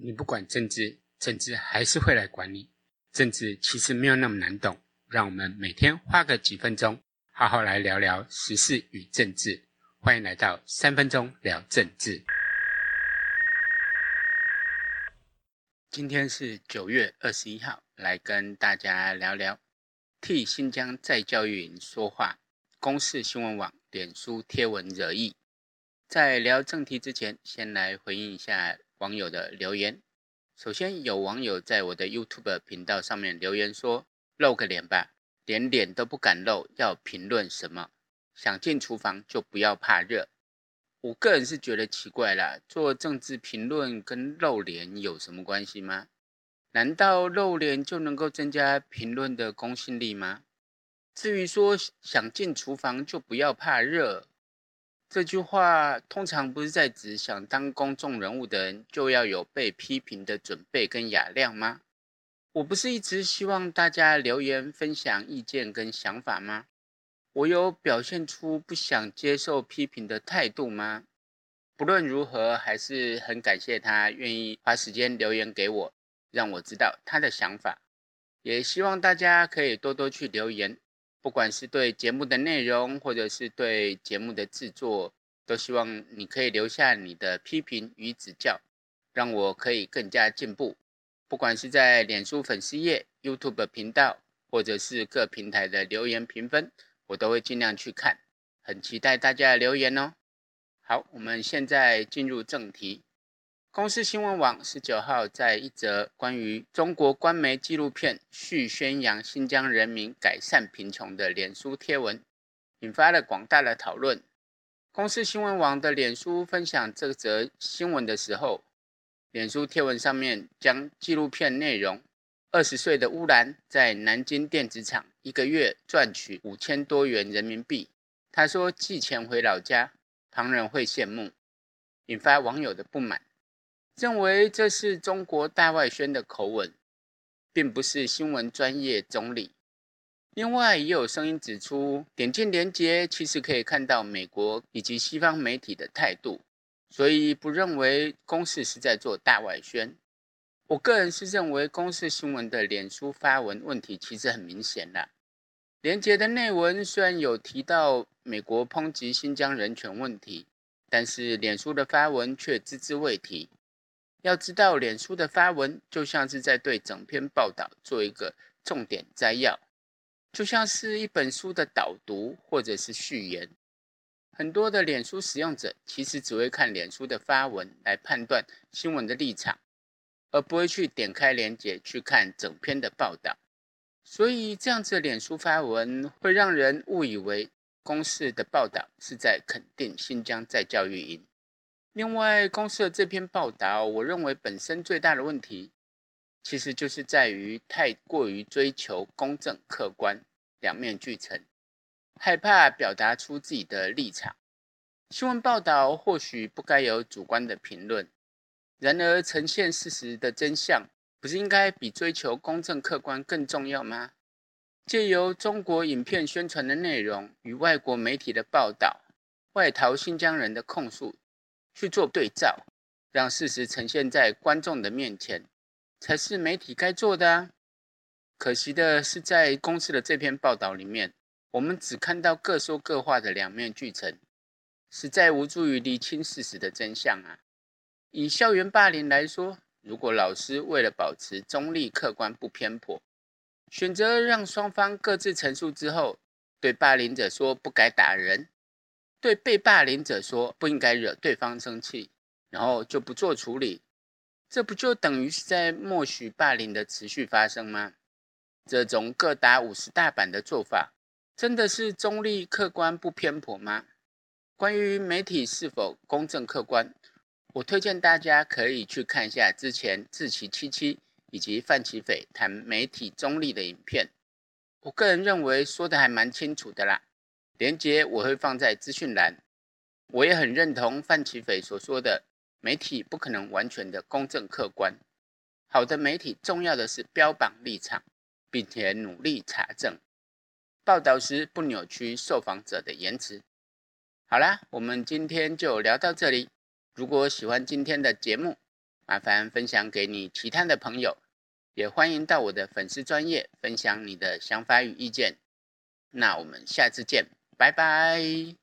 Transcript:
你不管政治，政治還是會來管你。政治其實沒有那麼難懂，讓我們每天花個幾分鐘，好好來聊聊時事與政治。歡迎來到三分鐘聊政治。今天是九月二十一號，來跟大家聊聊替新疆再教育營說話。公視新聞網臉書貼文惹議。在聊正題之前，先來回應一下網友的留言。首先，有網友在我的 YouTube 頻道上面留言說：“露個臉吧，連臉,臉都不敢露，要評論什麼？想進廚房就不要怕熱。”我個人是覺得奇怪啦，做政治評論跟露臉有什麼關係嗎？難道露臉就能夠增加評論的公信力嗎？至於說想進廚房就不要怕熱。這句話通常不是在指想當公眾人物的人就要有被批評的準備跟雅量嗎？我不是一直希望大家留言分享意見跟想法嗎？我有表現出不想接受批評的態度嗎？不論如何，還是很感謝他願意花時間留言給我，讓我知道他的想法。也希望大家可以多多去留言。不管是對節目的內容，或者是對節目的製作，都希望你可以留下你的批評與指教，讓我可以更加進步。不管是在臉書粉絲頁、YouTube 頻道，或者是各平台的留言評分，我都會盡量去看，很期待大家留言哦。好，我們現在進入正題。公視新聞網十九號在一則關於中國官媒紀錄片續宣揚新疆人民改善貧窮的臉書貼文，引發了廣大的討論。公視新聞網的臉書分享這則新聞的時候，臉書貼文上面將紀錄片內容：二十歲的烏蘭在南京電子廠一個月賺取五千多元人民幣，他說寄錢回老家，旁人會羨慕，引發網友的不滿。認為這是中國大外宣的口吻，並不是新聞專業中立。另外，也有聲音指出，點進連結其實可以看到美國以及西方媒體的態度，所以不認為公視是在做大外宣。我個人是認為，公視新聞的臉書發文問題其實很明顯了。鏈接的內文雖然有提到美國抨擊新疆人權問題，但是臉書的發文卻只字未提。要知道，臉書的發文就像是在對整篇報道做一個重點摘要，就像是一本書的導讀或者是序言。很多的臉書使用者其實只會看臉書的發文來判斷新聞的立場，而不會去點開鏈接去看整篇的報道。所以，這樣子臉書發文會讓人誤以為公視的報道是在肯定新疆在教育營。另外，公視的這篇報道，我認為本身最大的問題，其實就是在於太過於追求公正客觀，兩面俱陳，害怕表達出自己的立場。新聞報道或許不該有主觀的評論，然而呈現事實的真相，不是應該比追求公正客觀更重要嗎？藉由中國影片宣傳的內容與外國媒體的報道，外逃新疆人的控訴。去做對照，讓事實呈現在觀眾的面前，才是媒體該做的啊。可惜的是，在公視的這篇報道裡面，我們只看到各說各話的兩面俱陳，實在無助於釐清事實的真相啊。以校園霸凌來說，如果老師為了保持中立、客觀、不偏頗，選擇讓雙方各自陳述之後，對霸凌者說不該打人。對被霸凌者說不應該惹對方生氣，然後就不做處理，這不就等於是在默許霸凌的持續發生嗎？這種各打五十大板的做法，真的是中立客觀不偏頗嗎？關於媒體是否公正客觀，我推薦大家可以去看一下之前志祺七七以及范琪斐談媒體中立的影片，我個人認為說得還蠻清楚的啦。鏈接我會放在資訊欄。我也很認同范琪斐所說的，媒體不可能完全的公正客觀。好的媒體重要的是標榜立場，並且努力查證。報道時不扭曲受訪者的言辭。好啦，我們今天就聊到這裡。如果喜歡今天的節目，麻煩分享給你其他的朋友，也歡迎到我的粉絲專頁分享你的想法與意見。那我們下次見。拜拜。